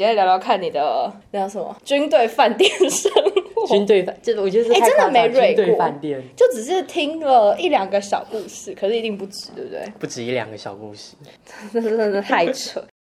今天聊聊看你的那叫什麼軍隊飯店生活，軍隊飯，這個我覺得哎、欸、真的沒瑞過，飯店就只是聽了一兩個小故事，可是一定不止，對不對？不止一兩個小故事，真的真的 太蠢。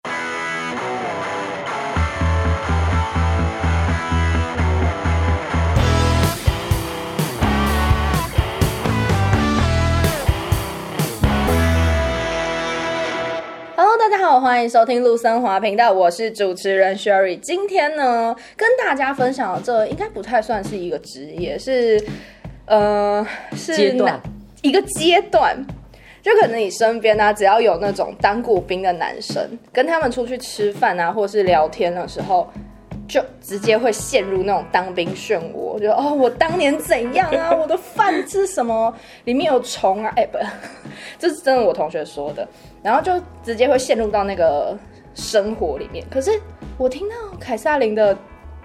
歡迎收聽路森華頻道，我是主持人 Sherry。今天呢，跟大家分享的這應該不太算是一個職業，是呃，是哪階段，一個階段。就可能你身邊呢、啊，只要有那種當過兵的男生，跟他們出去吃飯啊，或是聊天的時候。就直接會陷入那種當兵漩渦，覺得哦，我當年怎樣啊？我的飯吃什麼？ 裡面有蟲啊！哎、欸、不，這是真的，我同學說的。然後就直接會陷入到那個生活裡面。可是我聽到凱薩林的。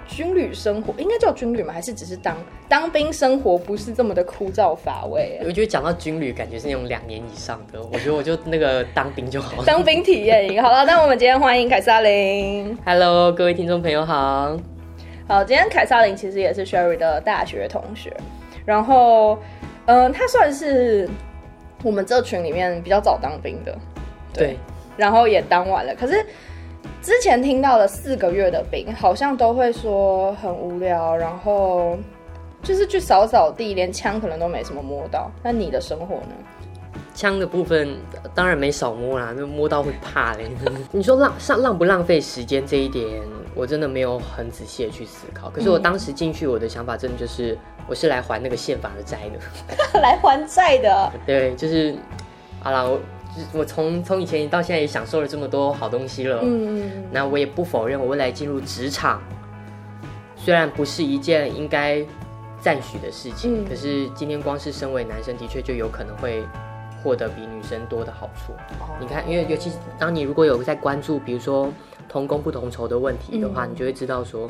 軍旅生活應該叫軍旅嗎？還是只是當當兵生活不是這麼的枯燥乏味，啊？我覺得講到軍旅，感覺是那種兩年以上的。 我覺得我就那個當兵就好了，當兵體驗營好了。 那我們今天歡迎凱薩林。Hello，各位聽眾朋友好。好，今天凱薩林其實也是 Sherry 的大學同學，然後嗯、呃，他算是我們這群裡面比較早當兵的，對。對，然後也當完了，可是。之前聽到了四個月的兵，好像都會說很無聊，然後就是去掃掃地，連槍可能都沒什麼摸到。那你的生活呢？槍的部分當然沒少摸啦，那摸到會怕嘞。 你說浪浪浪不浪費時間這一點，我真的沒有很仔細的去思考。可是我當時進去，我的想法真的就是，我是來還那個憲法的債的， 來還債的。對，就是，阿我從從以前到現在也享受了這麼多好東西了，嗯、那我也不否認，我未來進入職場，雖然不是一件應該讚許的事情，嗯、可是今天光是身為男生，的確就有可能會獲得比女生多的好處。哦、你看，因為尤其當你如果有在關注，比如說同工不同酬的問題的話，嗯、你就會知道說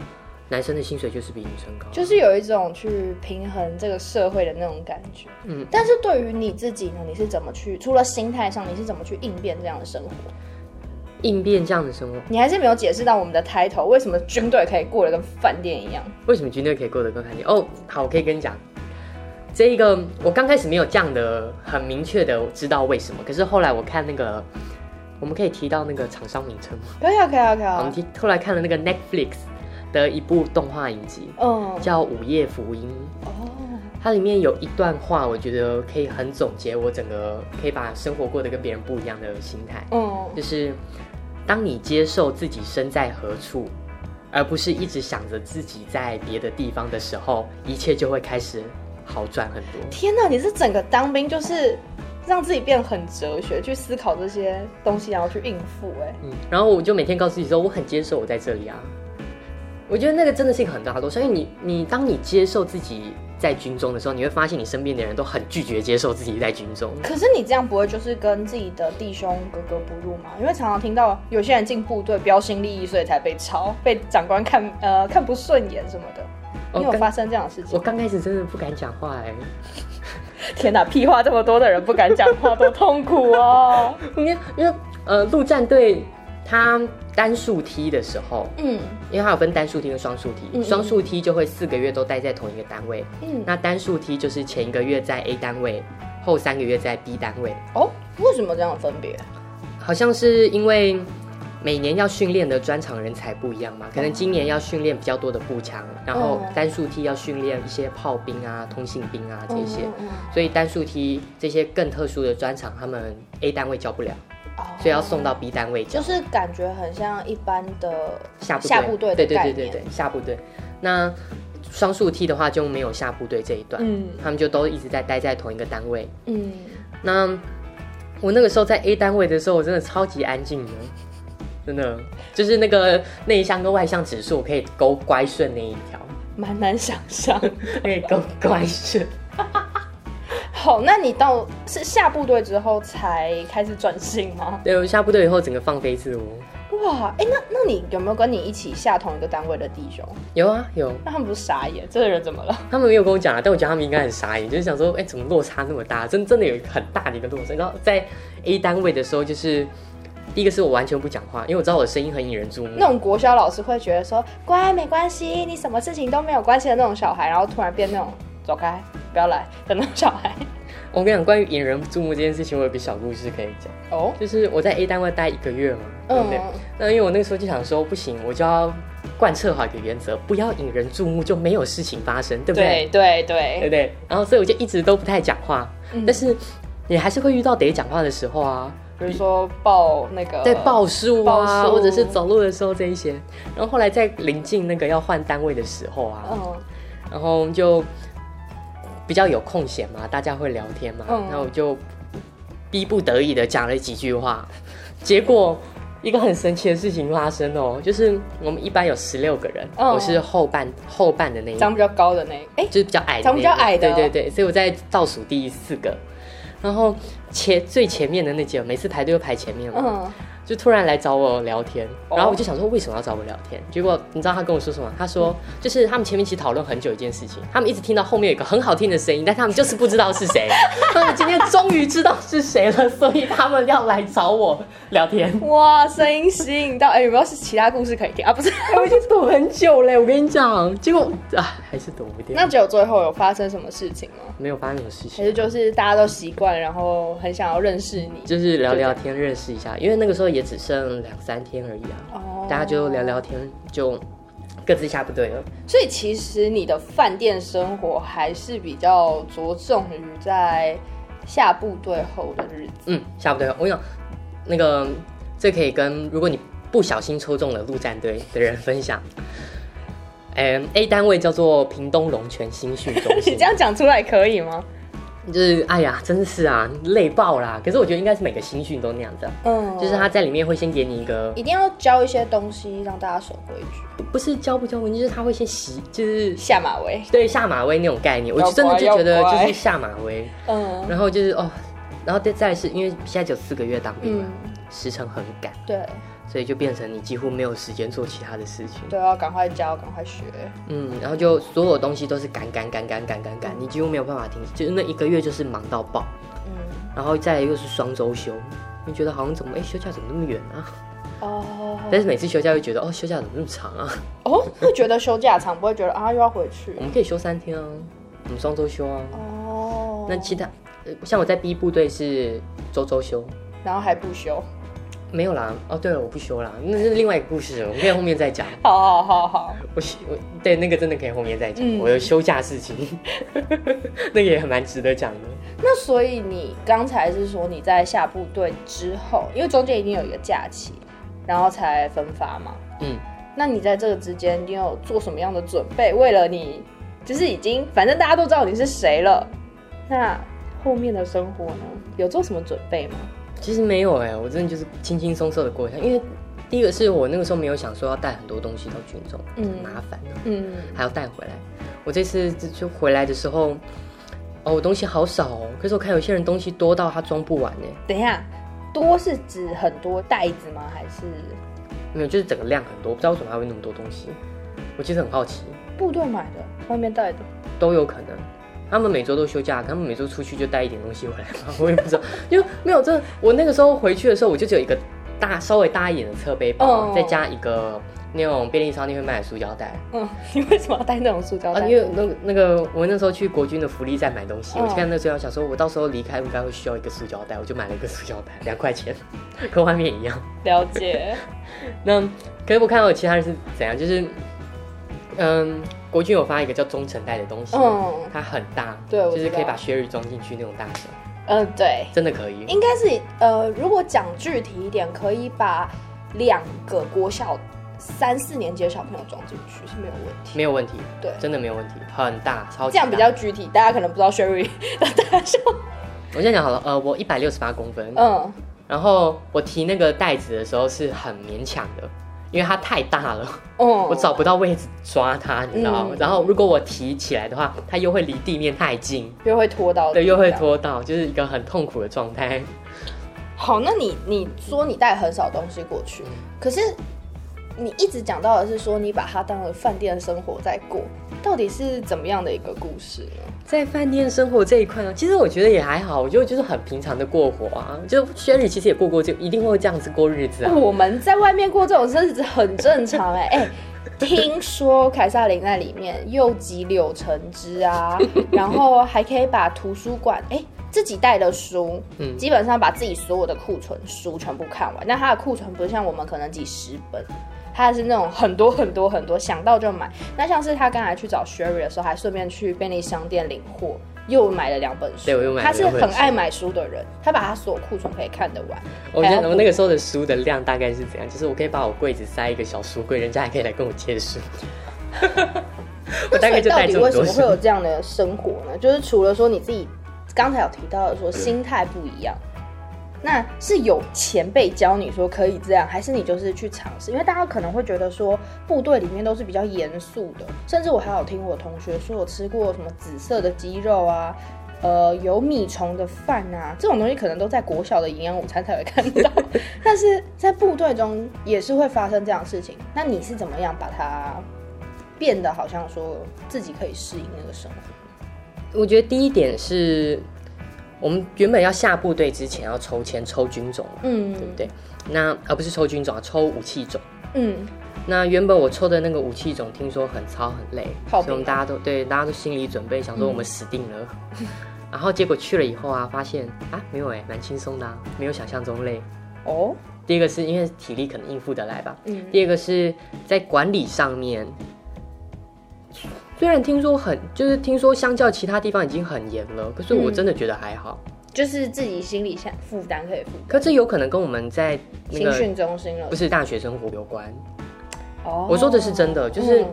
男生的薪水就是比女生高啊，就是有一種去平衡這個社會的那種感覺，嗯。但是對於你自己呢，你是怎麼去？除了心態上，你是怎麼去應變這樣的生活？應變這樣的生活，你還是沒有解釋到我們的 title。為什麼軍隊可以過得跟飯店一樣？為什麼軍隊可以過得跟飯店？哦、oh，好，我可以跟你講，這一個我剛開始沒有講得很明確的知道為什麼，可是後來我看那個，我們可以提到那個廠商名稱嗎可？可以啊，可以啊，可以啊。我們後來看了那個 Netflix。的一部動畫影集，嗯，oh. 叫《午夜福音》哦。Oh. 它裡面有一段話，我覺得可以很總結我整個可以把生活過得跟別人不一樣的心態。嗯，oh. 就是當你接受自己身在何處，而不是一直想着自己在別的地方的時候，一切就會開始好轉很多。天哪！你是整個當兵就是讓自己變得很哲學，去思考這些東西，然後去應付。哎，嗯。然後我就每天告訴自己說：“我很接受我在這裡啊。”我覺得那個真的是一個很大落，所以你你當你接受自己在軍中的時候，你會發現你身邊的人都很拒絕接受自己在軍中。可是你這樣不會就是跟自己的弟兄格格不入嗎？因為常常聽到有些人進部隊標新立異，所以才被操，被長官看呃看不順眼什麼的。你、哦、有發生這樣的事情？我剛開始真的不敢講話、欸，哎， 天哪，屁話這麼多的人不敢講話， 多痛苦啊、哦！因為因為呃陸戰隊他。單數梯的時候，嗯，因為它有分單數梯跟雙數梯，雙數梯就會四個月都待在同一個單位，嗯，那單數梯就是前一個月在 A 單位，後三個月在 B 單位。哦，為什麼這樣分別？好像是因為每年要訓練的專長人才不一樣嘛，可能今年要訓練比較多的步槍，然後單數梯要訓練一些炮兵啊、通信兵啊這些，嗯嗯嗯，所以單數梯這些更特殊的專長，他們 A 單位教不了。所以、oh, 要送到 B 單位，就是感覺很像一般的下部隊、下部隊，對對對對對下部隊。那雙數 T 的話就沒有下部隊這一段，嗯，他們就都一直在待在同一個單位，嗯。那我那個時候在 A 單位的時候，我真的超級安靜的，真的就是那個內向跟外向指數可以勾乖順那一條，蠻難想象 可以勾乖順。好，oh, 那你到是下部隊之後才開始轉型嗎？對，我下部隊以後整個放飛自我。哇，哎、欸，那那你有沒有跟你一起下同一個單位的弟兄？有啊，有。那他們不是傻眼？這個人怎麼了？他們沒有跟我講啊，但我覺得他們應該很傻眼，就是想說，哎、欸，怎麼落差那麼大？真的真的有一個很大的一個落差。然後在 A 單位的時候，就是第一個是我完全不講話，因為我知道我的聲音很引人注目。那種國小老師會覺得說，乖，沒關係，你什麼事情都沒有關係的那種小孩，然後突然變那種。走開，不要來，等到小孩。我跟你講，關於引人注目這件事情，我有一個小故事可以講哦。Oh? 就是我在 A 單位待一個月嘛，嗯、oh. 對對，那因為我那個時候就想說，不行，我就要貫徹好一個原則，不要引人注目，就沒有事情發生，對不對？對對對，對不對？然後所以我就一直都不太講話，嗯、但是你還是會遇到得講話的時候啊，比如說報那個在報數啊，書或者是走路的時候這一些。然後後來在臨近那個要換單位的時候啊，嗯，oh. 然後就。比較有空閒嘛，大家會聊天嘛，那、嗯、我就逼不得已的講了幾句話，結果一個很神奇的事情發生哦、喔，就是我們一班有十六個人，嗯、我是後半後半的那一個，長比較高的那一個，哎，就是比較矮的，長比較矮的，對對對，所以我在倒數第四個，然後。前最前面的那幾個，每次排隊都排前面嘛，嗯、就突然來找我聊天，然後我就想說為什麼要找我聊天？Oh. 結果你知道他跟我說什麼？他說就是他們前面一起討論很久一件事情，他們一直聽到後面有一個很好聽的聲音，但他們就是不知道是誰。 他們今天終於知道是誰了，所以他們要來找我聊天。哇，聲音吸引到哎、欸，有沒有是其他故事可以聽啊？不是、欸，我已經躲很久了。我跟你講，結果啊還是躲不掉。那只有最後有發生什麼事情嗎？沒有發生什麼事情，其實就是大家都習慣，然後。很想要認識你，就是聊聊天認識一下，因為那個時候也只剩兩三天而已啊，oh, 大家就聊聊天，就各自下部隊了。所以其實你的飯店生活還是比較着重於在下部隊後的日子。嗯，下部隊後，我跟你講那個這可以跟如果你不小心抽中了陸戰隊的人分享。嗯、 um,，A 單位叫做屏東龍泉新訓中心 你這樣講出來可以嗎？就是哎呀，真是啊，累爆啦！可是我覺得應該是每個新訓都那樣子、啊，嗯，就是他在裡面會先給你一個，一定要教一些東西，讓大家守規矩，不是教不教嘛，就是他會先洗，就是下馬威，對，下馬威那種概念，乖我就真的就覺得就是下馬威，乖嗯，然後就是哦，然後再再是因為現在只有四個月當兵了，嗯、時程很趕，對。所以就變成你幾乎沒有時間做其他的事情。對啊，趕快教，趕快學。嗯，然後就所有東西都是趕趕趕趕趕趕趕，嗯、你幾乎沒有辦法停，就是那一個月就是忙到爆。嗯，然後再來又是雙週休，你覺得好像怎麼哎、欸、休假怎麼那麼遠啊？哦。但是每次休假又覺得哦，休假怎麼那麼長啊？哦，會覺得休假長， 不會覺得啊又要回去。我們可以休三天啊，我們雙週休啊。哦。那其他、呃、像我在 B 部隊是週週休，然後還不休。沒有啦，哦對了，我不修了啦，那是另外一個故事，我們可以後面再講。 好,好,好,好，好，好，好，我我對那個真的可以後面再講，嗯、我有休假事情， 那個也很蠻值得講的。那所以你剛才是說你在下部隊之後，因為中間一定有一個假期，然後才分發嘛？嗯。那你在這個之間，你有做什麼樣的準備？為了你，就是已經反正大家都知道你是誰了。那後面的生活呢？有做什麼準備嗎？其實沒有哎，我真的就是輕輕鬆鬆的過一下，因為第一個是我那個時候沒有想說要帶很多東西到軍中，嗯，麻煩啊，嗯，還要帶回來。我這次就回來的時候，哦，我東西好少哦，可是我看有些人東西多到他裝不完哎。等一下，多是指很多袋子嗎？還是？沒有，就是整個量很多，我不知道為什麼還會那麼多東西，我其實很好奇。部隊買的，外面帶的，都有可能。他們每週都休假，他們每週出去就帶一點東西回來嘛，我也不知道， 因為沒有真的。我那個時候回去的時候，我就只有一個大，稍微大一點的側背包，嗯、再加一個那種便利商店會賣的塑膠袋。嗯，你為什麼要帶那種塑膠袋？啊，因為那個、那個我那時候去國軍的福利站買東西，嗯、我就看那塑膠袋，想說我到時候離開應該會需要一個塑膠袋，我就買了一個塑膠袋，兩塊錢，跟外面一樣。了解。 那可是我看到有其他人是怎樣？就是。嗯，國軍有發一個叫中成袋的東西，嗯，它很大，對，就是可以把雪 y 裝進去那種大小。嗯，對，真的可以。應該是，呃，如果講具體一點，可以把兩個國小三四年級的小朋友裝進去是沒有問題，沒有問題，對，真的沒有問題，很大，超級大。這樣比較具體，大家可能不知道雪莉的大小。我先講好了，呃，我一百六十八公分，嗯，然後我提那個袋子的時候是很勉強的。因為它太大了，哦，oh, 我找不到位置抓它，你知道嗎？嗯、然後如果我提起來的話，它又會離地面太近，又會拖到，對，又會拖到，就是一個很痛苦的狀態。嗯、好，那你你說你帶很少東西過去，可是你一直講到的是說你把它當了飯店生活在過，到底是怎麼樣的一個故事呢？在飯店生活這一塊呢，其實我覺得也還好，我覺得就是很平常的過活啊。就雪莉其實也過過，就一定會這樣子過日子，啊。 我們在外面過這種日子很正常哎，欸欸、聽說凱薩林在裡面又擠柳橙汁啊， 然後還可以把圖書館哎、欸、自己帶的書，嗯、基本上把自己所有的庫存書全部看完。那他的庫存不像我們可能幾十本。他是那種很多很多很多想到就買，那像是他剛才去找 Sherry 的時候，還順便去便利商店領貨，又買了兩本書。對，我又買了本書。他是很愛買書的人，他把他所有庫存可以看得完。我覺得我那個時候的書的量大概是怎樣？就是我可以把我櫃子塞一個小書櫃，人家還可以來跟我借書。我大概就帶這麼多。到底為什麼會有這樣的生活呢？就是除了說你自己剛才有提到的時候，說、嗯、心態不一樣。那是有前輩教你說可以這樣，還是你就是去嘗試？因為大家可能會覺得說，部隊裡面都是比較嚴肅的，甚至我還有聽我同學說，我吃過什麼紫色的雞肉啊，呃，有米蟲的飯啊，這種東西可能都在國小的營養午餐才會看到， 但是在部隊中也是會發生這樣的事情。那你是怎麼樣把它變得好像說自己可以適應那個生活？我覺得第一點是。我們原本要下部隊之前要抽籤抽軍種，嗯，對不對？那而不是抽軍種，抽武器種，嗯。那原本我抽的那個武器種，聽說很操很累，所以我們大家都對大家都心理準備，想說我們死定了。嗯、然後結果去了以後啊，發現啊沒有哎、欸，蠻輕鬆的、啊，沒有想象中累。哦，第一個是因為體力可能應付得來吧，嗯。第二個是在管理上面。雖然聽說很，就是聽說相較其他地方已經很嚴了，可是我真的覺得還好，嗯、就是自己心理負擔可以負擔。可是有可能跟我們在青、那、訓、個、中心了，不是大學生活有關。哦，我說的是真的，就是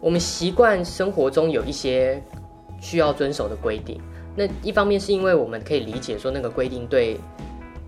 我們習慣生活中有一些需要遵守的規定。嗯、那一方面是因為我們可以理解說那個規定對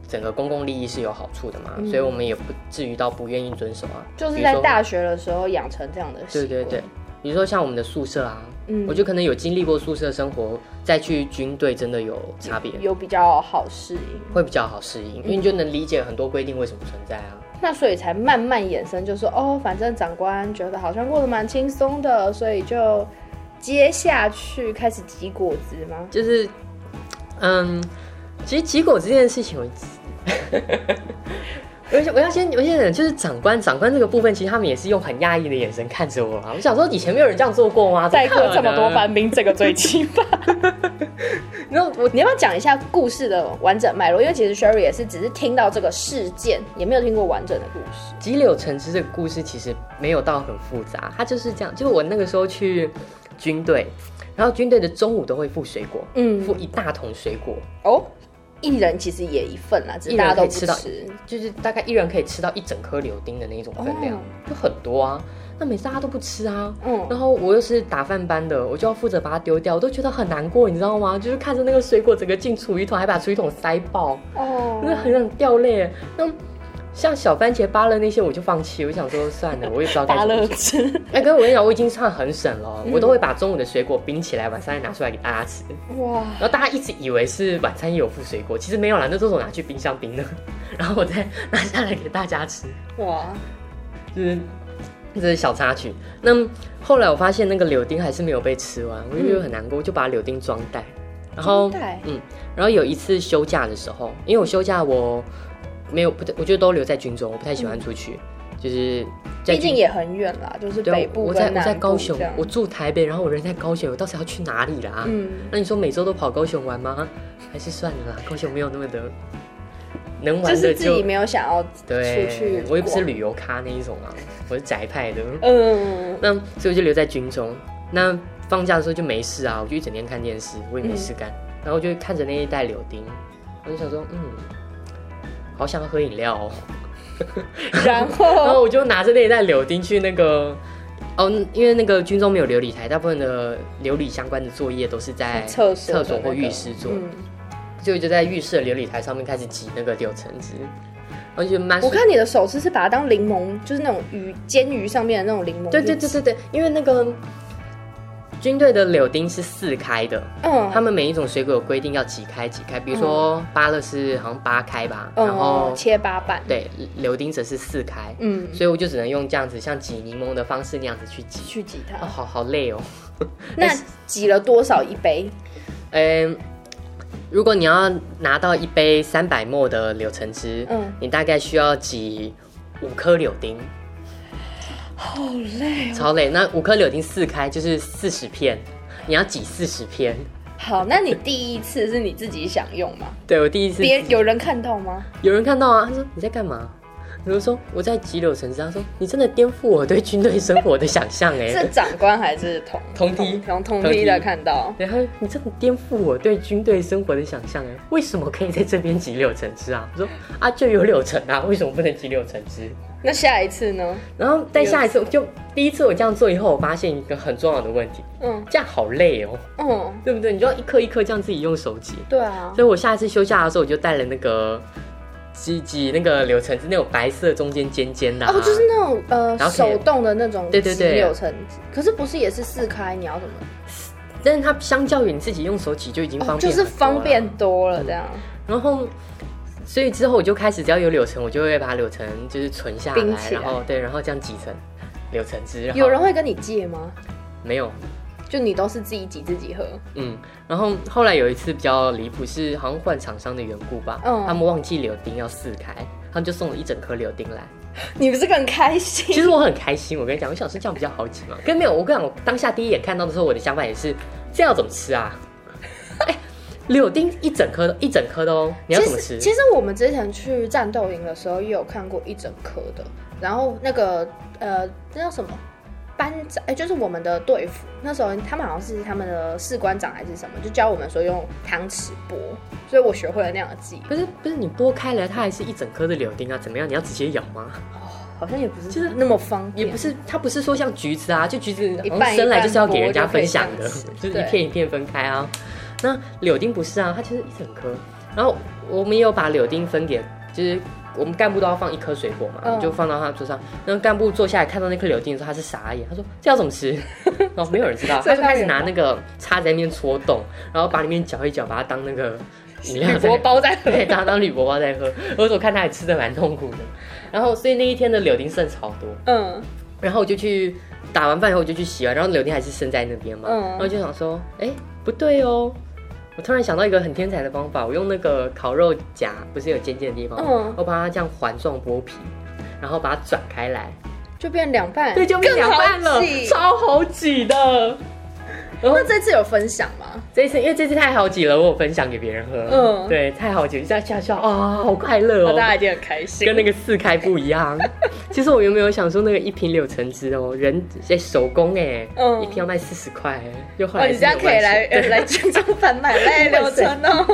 整個公共利益是有好處的嘛，嗯、所以我們也不至於到不願意遵守啊。就是在大學的時候養成這樣的，對對對，對。比如說像我們的宿舍啊，嗯，我就可能有經歷過宿舍生活，再去軍隊真的有差別，有比較好適應，會比較好適應，嗯，因為你就能理解很多規定為什麼存在啊。那所以才慢慢衍生，就是說哦，反正長官覺得好像過得蠻輕鬆的，所以就接下去開始擠果子嗎？就是，嗯，其實擠果子這件事情為 而且我要先，有就是長官，長官這個部分，其實他們也是用很訝異的眼神看着我嘛。我想說，以前沒有人這樣做過嗎？再喝這麼多番兵，這個最奇葩。那、 no, 我你要不要講一下故事的完整脈絡？因為其實 Sherry 也是只是聽到這個事件，也沒有聽過完整的故事。擠柳橙汁這個故事其實沒有到很複雜，他就是這樣。就是我那個時候去軍隊，然後軍隊的中午都會附水果，嗯，附一大桶水果哦。一人其實也一份啦，大家都可以吃到，就是大概一人可以吃到一整顆柳丁的那種分量，oh. 就很多啊。那每次大家都不吃啊，嗯，oh. 然後我又是打飯班的，我就要負責把它丟掉，我都覺得很難過，你知道嗎？就是看着那個水果整個進廚餘桶，還把廚餘桶塞爆，哦、oh.，那為很想掉淚。那像小番茄、芭樂那些，我就放棄。我想說，算了，我也不招待。芭樂吃。哎哥，我跟你講，我已經算很省了。嗯、我都會把中午的水果冰起來，晚上再拿出來給大家吃。哇！然後大家一直以為是晚餐也有副水果，其實沒有啦，那都是我拿去冰箱冰的。然後我再拿下來給大家吃。哇！就是，這、就是小插曲。那後來我發現那個柳丁還是沒有被吃完，我就很難過，就把柳丁裝袋。然後，帶嗯，然後有一次休假的時候，因為我休假我。沒有，不，我就都都留在軍中，我不太喜歡出去，嗯、就是。畢竟也很遠啦，就是北部跟南部，對我在我在高雄，樣我住台北，然後我人在高雄，我到時候要去哪裡啦？嗯，那你說每週都跑高雄玩嗎？還是算了啦，高雄沒有那麼的能玩的，自己沒有想要出去對，我也不是旅遊咖那一種啊，我是宅派的。嗯，那所以我就留在軍中，那放假的時候就沒事啊，我就一整天看電視，我也沒事幹，嗯、然後我就看着那一帶柳丁，我就想說，嗯。好想喝飲料。哦，然後 然後我就拿着那袋柳丁去那個，哦，因為那個軍中沒有流理台，大部分的流理相關的作業都是在廁所，那個，廁所或浴室做的，嗯、所以就在浴室的流理台上面開始擠那個柳橙汁。我看你的手勢是把它當檸檬，就是那種魚煎魚上面的那種檸檬。對對對對對，因為那個。軍隊的柳丁是四開的，嗯，oh. 他們每一種水果有規定要幾開幾開，比如說芭樂是好像八開吧，oh, 然後切八瓣，對，柳丁則是四開，嗯，所以我就只能用這樣子，像擠檸檬的方式那樣子去擠，去擠它，哦，好好累哦。 那擠了多少一杯？嗯、欸，如果你要拿到一杯三百 ml 的柳橙汁，嗯，你大概需要擠五顆柳丁。好累哦，超累。那五顆柳丁四開就是四十片，你要擠四十片。好，那你第一次是你自己想用嗎？ 對，我第一次。別有人看到嗎？有人看到啊，他說你在幹嘛？比如說，我在擠柳橙汁，他說：“你真的顛覆我對軍隊生活的想象耶，哎， 是長官還是同同梯同同梯的梯看到？然後你真的顛覆我對軍隊生活的想象，哎，為什麼可以在這邊擠柳橙汁啊？我說啊，就有柳城啊，為什麼不能擠柳橙汁？那下一次呢？然後在下一次我就，就 Yes. 第一次我這樣做以後，我發現一個很重要的問題，嗯，這樣好累哦，嗯，嗯，對不對？你就要一顆一顆這樣自己用手擠，對啊。所以我下一次休假的時候，我就帶了那個。”擠擠那個柳橙汁，那種白色中間尖尖的、啊、哦，就是那種呃，手動的那種對對對，柳橙汁，可是不是也是四開？你要怎麼？但是它相較於你自己用手擠就已經方便多了、哦，就是方便多了這樣、嗯。然後，所以之後我就開始只要有柳橙，我就會把柳橙就是存下來，冰起來，然後對，然後這樣擠成柳橙汁。有人會跟你借嗎？沒有。就你都是自己擠自己喝，嗯，然後後來有一次比較離譜，是好像換廠商的緣故吧，嗯，他們忘記柳丁要四開，他們就送了一整顆柳丁來，你不是很開心？其實我很開心，我跟你講，我想說這樣比較好擠嘛， 跟沒有，我跟你講，我當下第一眼看到的時候，我的想法也是這樣，要怎麼吃啊？ 欸、柳丁一整顆的，一整顆的哦、喔，你要怎麼吃其其實我們之前去戰鬥營的時候也有看過一整顆的，然後那個呃，那叫什麼？班長哎、欸，就是我們的隊服。那時候他們好像是他們的士官長還是什麼，就教我們說用湯匙剝，所以我學會了那樣的技藝。不是不是，你剝開了，它還是一整顆的柳丁啊，怎麼樣？你要直接咬嗎？哦，好像也不是，就是那麼方便。也不是，它不是說像橘子啊，就橘子，一生來就是要給人家分享的，一半一半就是一片一片分開啊。對那柳丁不是啊，它其實一整顆。然後我們也有把柳丁分給，就是。我們幹部都要放一顆水果嘛，就放到他桌上。那幹、嗯、部坐下來看到那顆柳丁的時候，他是傻眼。他說：“這要怎麼吃？” 然後沒有人知道， 他就開始拿那個叉在面戳洞， 然後把裡面攪一攪，把它當那個鋁箔包在，對，把它當鋁箔包在喝。 我說我看他還吃的蠻痛苦的。然後，所以那一天的柳丁剩超多。嗯，然後我就去打完飯以後我就去洗碗，然後柳丁還是剩在那邊嘛。嗯，然後我就想說，哎、欸，不對哦。我突然想到一個很天才的方法，我用那個烤肉夾，不是有尖尖的地方，哦、我把它這樣環狀剝皮，然後把它轉開來，就變兩半，對，就變兩半了，好超好擠的。那這次有分享嗎？這次，因為這次太好擠了，我有分享給別人喝。嗯，對，太好擠，一下笑笑啊，好快樂哦，大家一定很開心。跟那個四開不一樣。其實我原本有想說那個一瓶柳橙汁哦，人在手工哎，一瓶要賣四十塊，又後來大家可以來來軍中販賣嘞柳橙哦。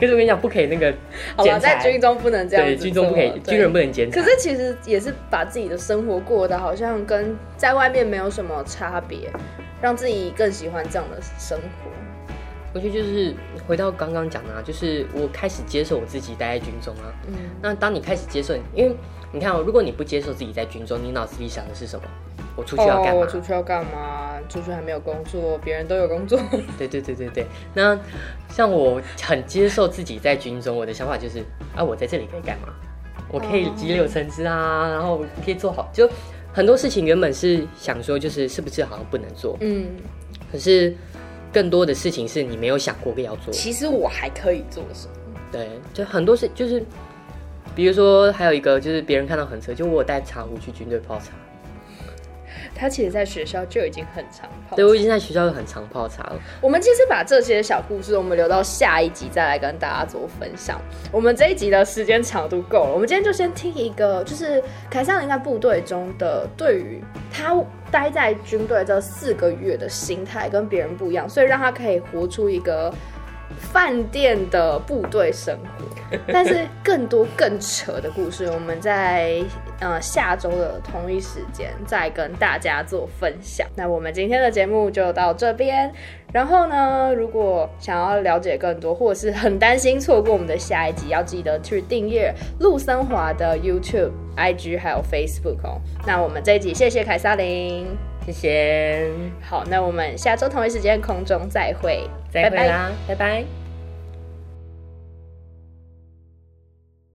可是我跟你講，不可以那個。好吧，在軍中不能這樣，對，軍中不可以，軍人不能兼差。可是其實也是把自己的生活過得好像跟在外面沒有什麼差別。讓自己更喜歡這樣的生活，我覺得就是回到剛剛講的，啊，就是我開始接受我自己待在軍中啊。嗯，那當你開始接受，因為你看哦，如果你不接受自己在軍中，你腦子裡想的是什麼？我出去要幹嘛？哦，我出去要幹嘛？出去還沒有工作，別人都有工作。 對，對對對對對。那像我很接受自己在軍中，我的想法就是啊，我在這裡可以幹嘛？我可以擠柳橙汁啊，哦，然後可以做好就。很多事情原本是想說，就是是不是好像不能做，嗯，可是更多的事情是你沒有想過要做。其實我還可以做什麼？對，就很多事，就是比如說還有一個，就是別人看到很扯，就我有帶茶壺去軍隊泡茶。他其實在學校就已經很常泡。對，我已經在學校就很常泡茶了。我們其實把這些小故事，我們留到下一集再來跟大家做分享。我們這一集的時間長度夠了，我們今天就先聽一個，就是凱撒林在部隊中的，對於他待在軍隊這四個月的心態跟別人不一樣，所以讓他可以活出一個飯店的部隊生活。 但是更多更扯的故事，我們在。呃，下週的同一時間再跟大家做分享。那我們今天的節目就到這邊。然後呢，如果想要了解更多，或者是很擔心錯過我們的下一集，要記得去訂閱路森華的 YouTube、IG 還有 Facebook 喔。那我們這一集謝謝凱薩林，謝謝。好，那我們下週同一時間空中再會，拜拜啦，拜拜。拜拜。